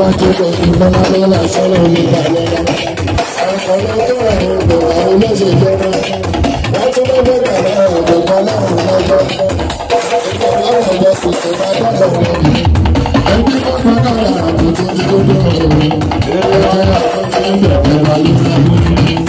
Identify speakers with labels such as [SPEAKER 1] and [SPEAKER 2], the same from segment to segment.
[SPEAKER 1] bá tó sọ fún bọ́lá lọ́la sọ́nà mi balẹ̀ lọ́la. Àkànná tó wà ní ìgbò àwọn mẹ́sẹ̀ jọba. Wọ́n tún bá bẹ́ bàbá ọ̀dọ̀ kan láwọn lọ́jọ́. Ìgbà láwọn ọ̀dọ́ sì ṣe bá dọ̀dọ̀ wọn. Ẹbí wọn fún kára àbùtí ní gbogbo ọ̀rọ̀. Ẹ̀rọ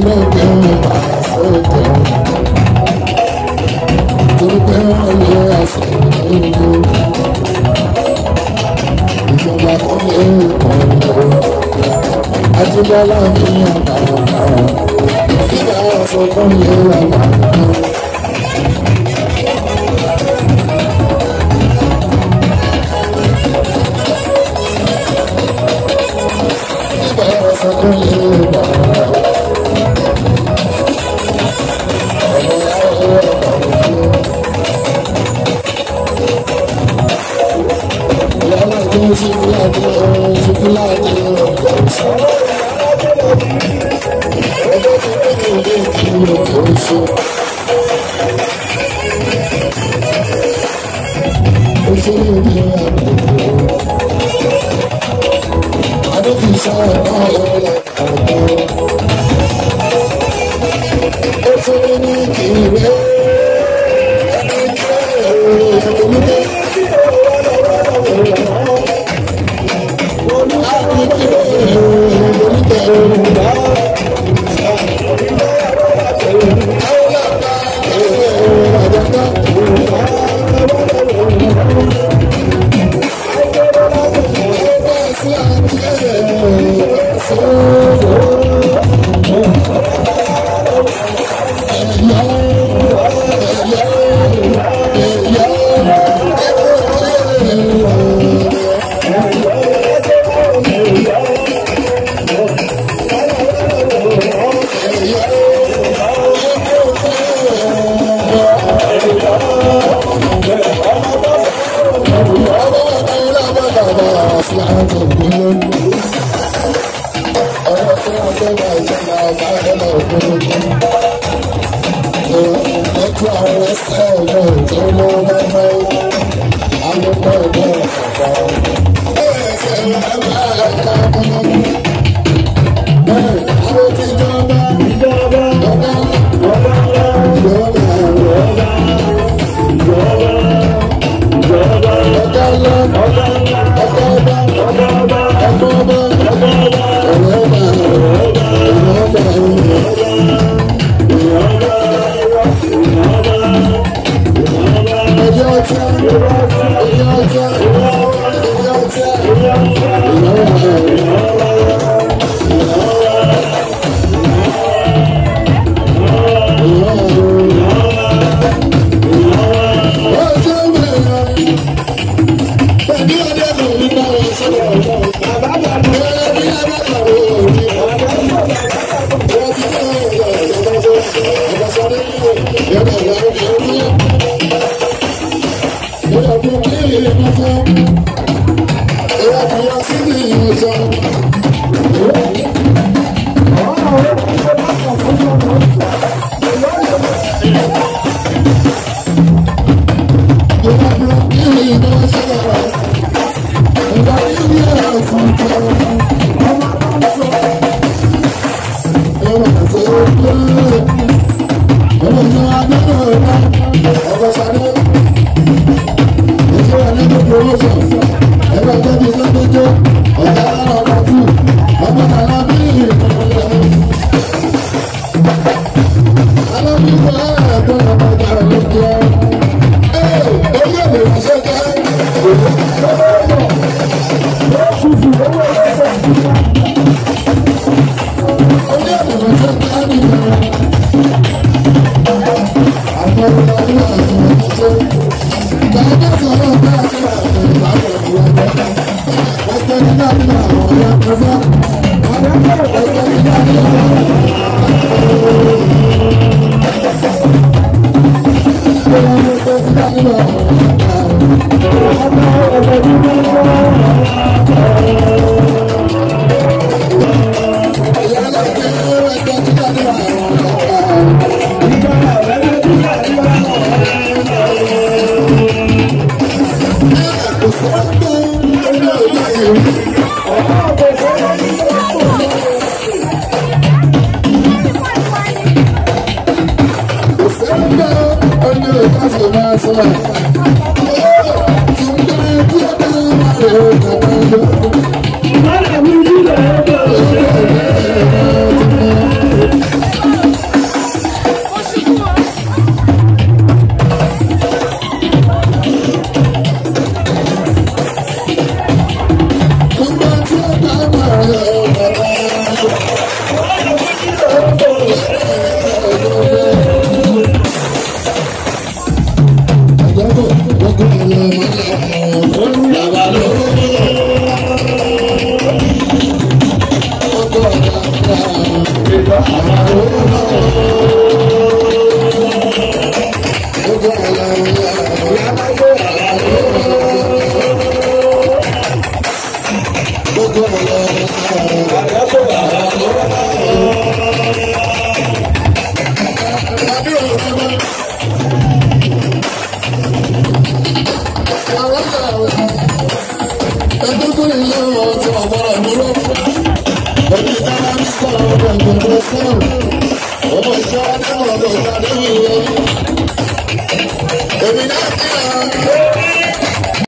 [SPEAKER 1] méje padà sóde torí pé wọ́n lé ẹsẹ̀ nílùú ìjọba kò lè kàn ó Àjíbọ́lá ní àgbà ọ̀gá ìyá ọ̀sán tó lé wà I don't think so. It's a unique way. I don't care. I'm Thank you. solution ẹ̀rọ tẹ́bi sọ́dọ́jọ́ ọ̀gá ọ̀rọ̀ tù ọmọ tàlá bí alábìyẹ ẹ̀ẹ́dọ́ ọmọ ìdàrọ̀ ló jẹ́ ẹ̀ oyè mi wá sọ́jà òun ló ń bọ̀. Thank you. Thank you. I Yeah,